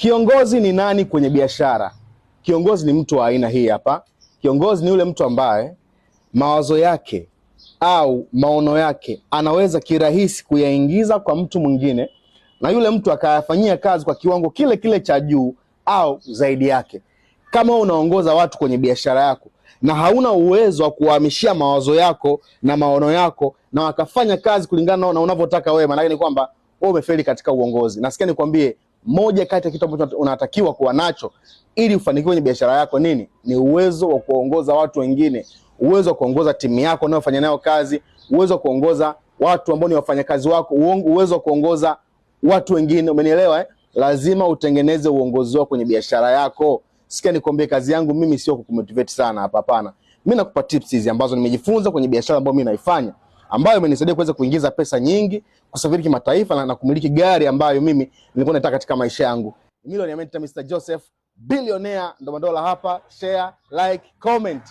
Kiongozi ni nani kwenye biashara? Kiongozi ni mtu wa aina hii hapa. Kiongozi ni yule mtu ambaye mawazo yake au maono yake anaweza kirahisi kuyaingiza kwa mtu mwingine na yule mtu akayafanyia kazi kwa kiwango kile kile cha juu au zaidi yake. Kama unaongoza watu kwenye biashara yako na hauna uwezo wa kuwahamishia mawazo yako na maono yako na wakafanya kazi kulingana na unavyotaka wewe, maana ni kwamba wewe umefeli katika uongozi. Nasikia nikwambie moja kati ya kitu ambacho unatakiwa kuwa nacho ili ufanikiwe kwenye biashara yako nini? Ni uwezo wa kuongoza watu wengine, uwezo wa kuongoza timu yako unayofanya nayo kazi, uwezo wa kuongoza watu ambao ni wafanyakazi wako, uwezo wa kuongoza watu wengine. Umenielewa eh? Lazima utengeneze uongozi wako kwenye biashara yako. Sikia nikwambie, kazi yangu mimi sio kukumotivate sana hapa, hapana. Mimi nakupa tips hizi ambazo nimejifunza kwenye biashara ambayo mimi naifanya ambayo imenisaidia kuweza kuingiza pesa nyingi, kusafiri kimataifa na, na kumiliki gari ambayo mimi nilikuwa nataka katika maisha yangu. Millionaire Mentor Mr Joseph Billionaire, ndo hapa. Share, like, comment.